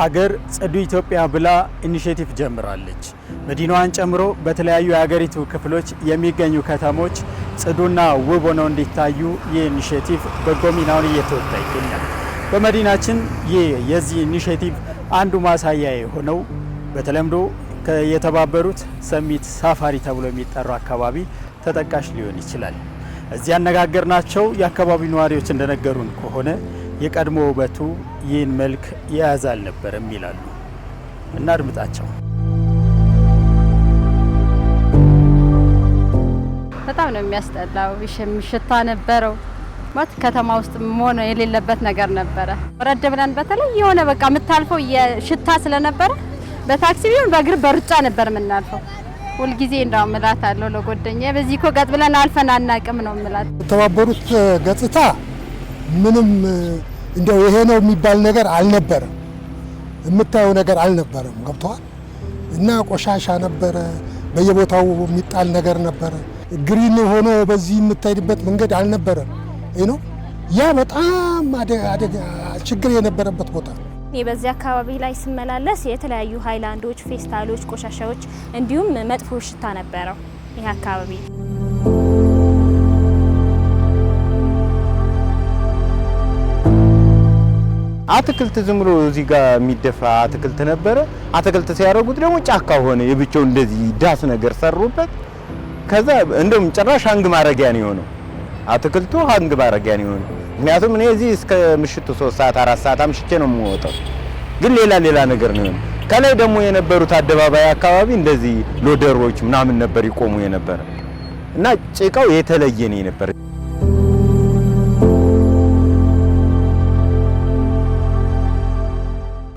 ሀገር ጽዱ ኢትዮጵያ ብላ ኢኒሽቲቭ ጀምራለች። መዲናዋን ጨምሮ በተለያዩ የሀገሪቱ ክፍሎች የሚገኙ ከተሞች ጽዱና ውብ ሆነው እንዲታዩ ይህ ኢኒሽቲቭ በጎ ሚናውን እየተወጣ ይገኛል። በመዲናችን ይህ የዚህ ኢኒሽቲቭ አንዱ ማሳያ የሆነው በተለምዶ የተባበሩት ሰሚት ሳፋሪ ተብሎ የሚጠራው አካባቢ ተጠቃሽ ሊሆን ይችላል። እዚህ ያነጋገርናቸው የአካባቢው ነዋሪዎች እንደነገሩን ከሆነ የቀድሞ ውበቱ ይህን መልክ የያዘ አልነበረም ይላሉ። እናድምጣቸው። በጣም ነው የሚያስጠላው። ሽታ ነበረው ማለት ከተማ ውስጥ መሆን የሌለበት ነገር ነበረ። ወረድ ብለን በተለይ የሆነ በቃ የምታልፈው ሽታ ስለነበረ በታክሲ ቢሆን በእግር በሩጫ ነበር የምናልፈው። ሁልጊዜ እንዳው ምላት አለው ለጓደኛዬ፣ በዚህ እኮ ቀጥ ብለን አልፈን አናቅም ነው ምላት። የተባበሩት ገጽታ ምንም እንደው ይሄ ነው የሚባል ነገር አልነበረም። የምታየው ነገር አልነበረም። ገብተዋል እና ቆሻሻ ነበረ፣ በየቦታው የሚጣል ነገር ነበረ። ግሪን ሆኖ በዚህ የምታይበት መንገድ አልነበረም። ይህ ነው ያ በጣም ችግር የነበረበት ቦታ ነው። በዚህ አካባቢ ላይ ስመላለስ የተለያዩ ሀይላንዶች፣ ፌስታሎች፣ ቆሻሻዎች እንዲሁም መጥፎ ሽታ ነበረው ይህ አካባቢ አትክልት ዝም ብሎ እዚህ ጋር የሚደፋ አትክልት ነበረ። አትክልት ሲያደርጉት ደግሞ ጫካ ሆነ የብቻው እንደዚህ ዳስ ነገር ሰሩበት። ከዛ እንደውም ጭራሽ ሀንግ ማረጊያ ነው የሆነው አትክልቱ ሀንግ ማረጊያ ነው የሆነው። ምክንያቱም እኔ እዚህ እስከ ምሽቱ ሶስት ሰዓት አራት ሰዓት አምሽቼ ነው የምወጣው፣ ግን ሌላ ሌላ ነገር ነው የሆነው። ከላይ ደግሞ የነበሩት አደባባይ አካባቢ እንደዚህ ሎደሮች ምናምን ነበር ይቆሙ የነበረ እና ጭቃው የተለየ ነው የነበረ።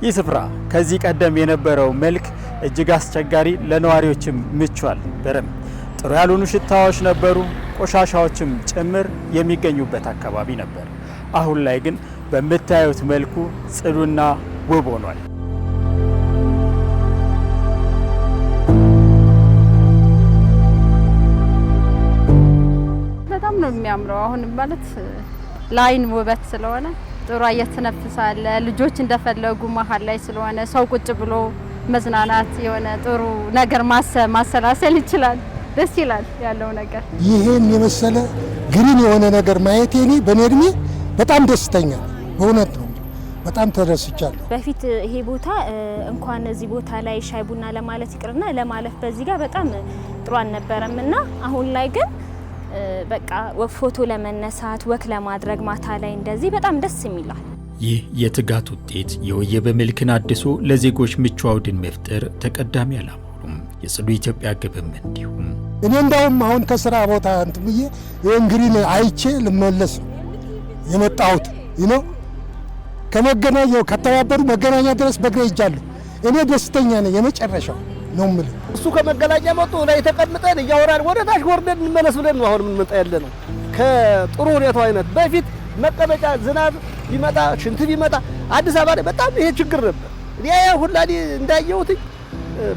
ይህ ስፍራ ከዚህ ቀደም የነበረው መልክ እጅግ አስቸጋሪ፣ ለነዋሪዎችም ምቹ አልነበረም። ጥሩ ያልሆኑ ሽታዎች ነበሩ፣ ቆሻሻዎችም ጭምር የሚገኙበት አካባቢ ነበር። አሁን ላይ ግን በምታዩት መልኩ ጽዱና ውብ ሆኗል። በጣም ነው የሚያምረው። አሁን ማለት ለአይን ውበት ስለሆነ ጥሩ አየር ትነፍሳለህ። ልጆች እንደፈለጉ መሀል ላይ ስለሆነ ሰው ቁጭ ብሎ መዝናናት የሆነ ጥሩ ነገር ማሰብ ማሰላሰል ይችላል። ደስ ይላል ያለው ነገር። ይሄን የመሰለ ግሪን የሆነ ነገር ማየቴ እኔ በእኔ እድሜ በጣም ደስተኛ በእውነት ነው። በጣም ተደስቻለሁ። በፊት ይሄ ቦታ እንኳን እዚህ ቦታ ላይ ሻይ ቡና ለማለት ይቅርና ለማለፍ በዚህ ጋር በጣም ጥሩ አልነበረም እና አሁን ላይ ግን በቃ ፎቶ ለመነሳት ወክ ለማድረግ ማታ ላይ እንደዚህ በጣም ደስ የሚላል። ይህ የትጋት ውጤት የወየበ መልክን አድሶ ለዜጎች ምቹ አውድን መፍጠር ተቀዳሚ ዓላማ ሆኖም የጽዱ ኢትዮጵያ ግብም እንዲሁም እኔ እንዳውም አሁን ከስራ ቦታ እንትን ብዬ እንግሪን አይቼ ልመለስ የመጣሁት ነው ከመገናኛው ከተባበሩ መገናኛ ድረስ በእግሬ ሄጃለሁ። እኔ ደስተኛ ነኝ። የመጨረሻው ነው የምልህ። እሱ ከመገላጫ መጡ ላይ ተቀምጠን እያወራን ወደ ታች ወርደን እንመለስ ብለን ነው አሁን የምንመጣ ያለ ነው። ከጥሩ ሁኔታው አይነት በፊት መቀመጫ ዝናብ ቢመጣ ሽንት ቢመጣ አዲስ አበባ ላይ በጣም ይሄ ችግር ነበር። ያ ሁላ እንዳየሁትኝ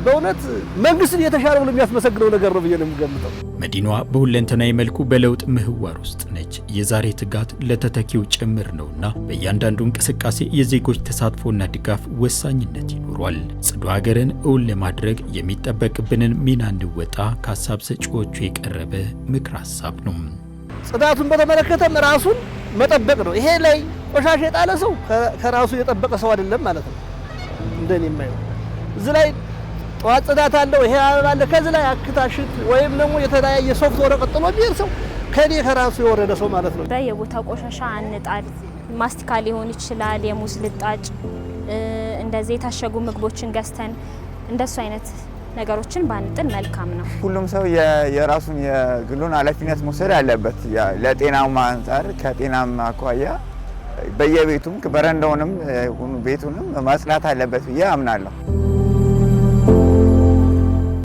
በእውነት መንግስትን የተሻለ ብሎ የሚያስመሰግነው ነገር ነው ብዬ ነው የምገምተው። መዲናዋ በሁለንተናዊ መልኩ በለውጥ ምህዋር ውስጥ ነች። የዛሬ ትጋት ለተተኪው ጭምር ነውና በእያንዳንዱ እንቅስቃሴ የዜጎች ተሳትፎና ድጋፍ ወሳኝነት ይኖሯል። ጽዱ ሀገርን እውን ለማድረግ የሚጠበቅብንን ሚና እንወጣ ከሀሳብ ሰጪዎቹ የቀረበ ምክር ሀሳብ ነው። ጽዳቱን በተመለከተም ራሱን መጠበቅ ነው። ይሄ ላይ ቆሻሻ የጣለ ሰው ከራሱ የጠበቀ ሰው አይደለም ማለት ነው እንደኔ የማየው እዚህ ላይ ጠዋት ጽዳት አለው። ይሄ አበባ አለ። ከዚህ ላይ አክታሽት ወይም ደግሞ የተለያየ ሶፍት ወረቀት ጥሎ የሚሄድ ሰው ከኔ ከራሱ የወረደ ሰው ማለት ነው። የቦታ ቆሻሻ አንጣል። ማስቲካ ሊሆን ይችላል፣ የሙዝ ልጣጭ፣ እንደዚህ የታሸጉ ምግቦችን ገዝተን እንደሱ አይነት ነገሮችን ባንጥል መልካም ነው። ሁሉም ሰው የራሱን የግሉን ኃላፊነት መውሰድ አለበት። ለጤናማ አንጻር ከጤናም አኳያ በየቤቱም በረንዳውንም ቤቱንም ማጽዳት አለበት ብዬ አምናለሁ።